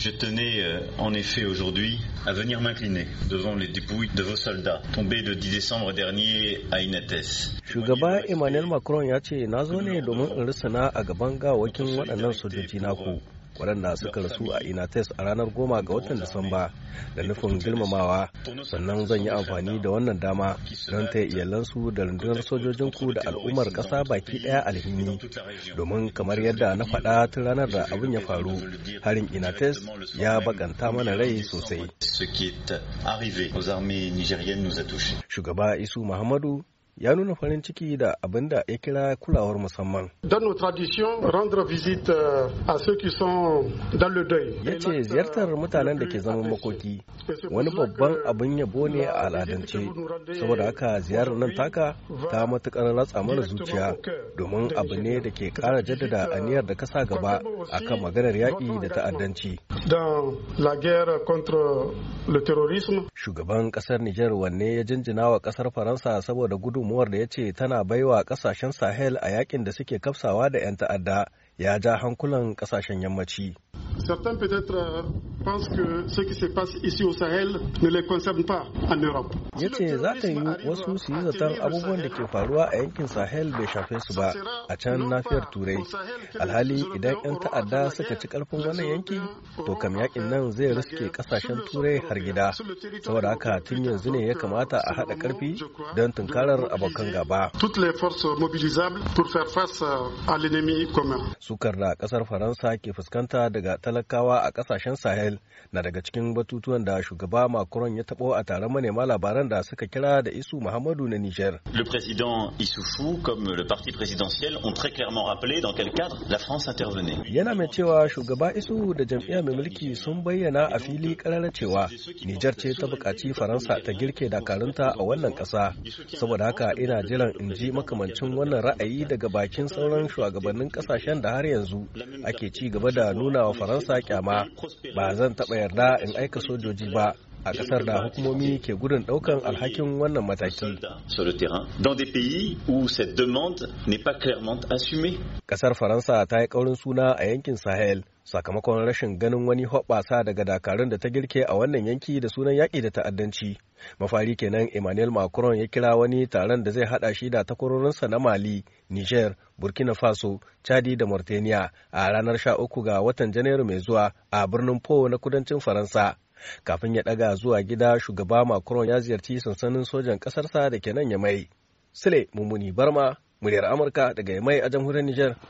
Je tenais euh, en effet aujourd'hui à venir m'incliner devant les dépouilles de vos soldats tombés le 10 décembre dernier à Inates. waɗanda suka rasu a inates a ranar goma ga watan disamba da nufin girmamawa sannan zan yi amfani da wannan dama don ta iyalansu da rundunar sojojinku da al'ummar ƙasa baki ɗaya alhini domin kamar yadda na faɗa tun ranar da abin ya faru harin inates ya baƙanta mana rai sosai shugaba isu muhammadu ya nuna farin ciki da abin da ya kira kulawar musamman. Dans nos traditions, rendre visite euh, à ceux qui Ya ce ziyartar mutanen da ke zaman makoki wani babban abin yabo ne a al'adance saboda haka ziyarar nan taka ta matukar ratsa mana zuciya domin abu ne da ke ƙara jaddada aniyar da kasa gaba akan maganar yaƙi da ta'addanci. Dans la guerre contre le terrorisme, shugaban kasar Nijar wanne ya jinjina wa kasar Faransa saboda gudunmuwar da ya ce tana baiwa kasashen Sahel a yakin da suke kafsawa da 'yan ta'adda ya ja hankulan kasashen yammaci. pense que ce qui se passe ici au Sahel ne les concerne pas en Europe. Ya ce za ta yi wasu su yi zaton abubuwan da ke faruwa a yankin Sahel bai shafe su ba a can nafiyar Turai. Alhali idan 'yan ta'adda suka ci karfin wannan yanki to kam yakin nan zai riske kasashen Turai har gida. Saboda haka tun yanzu ne ya kamata a haɗa karfi don tunkarar abokan gaba. Sukar da ƙasar Faransa ke fuskanta daga talakawa a ƙasashen Sahel Israel na daga cikin batutuwan da shugaba macron ya tabo a taron manema labaran da suka kira da isu muhammadu na niger le président issoufou comme le parti présidentiel ont très clairement rappelé dans quel cadre la france intervenait yana mai cewa shugaba isu da jam'iyyar mai mulki sun bayyana a fili karara cewa niger ce ta bukaci faransa ta girke dakarunta a wannan ƙasa saboda haka ina jiran in ji makamancin wannan ra'ayi daga bakin sauran shugabannin ƙasashen da har yanzu ake ci gaba da nuna wa faransa kyama ba zan taɓa yarda in aika sojoji ba a ƙasar da hukumomi ke gudun ɗaukan alhakin wannan mataki. Ƙasar Faransa ta yi ƙaurin suna a yankin Sahel sakamakon rashin ganin wani hoɓɓasa daga dakarun da ta girke a wannan yanki da sunan yaƙi da ta'addanci. Mafari kenan Emmanuel Macron ya kira wani taron da zai haɗa shi da takwarorinsa na Mali, Niger, Burkina Faso, Chadi da Mauritania a ranar sha uku ga watan Janairu mai zuwa a birnin Po na kudancin Faransa. Kafin ya ɗaga zuwa gida shugaba Macron ya ziyarci sansanin sojan ƙasarsa da kenan ya mai. sile Mummuni Barma, muryar Amurka daga ya Yamai a jamhuriyar Niger.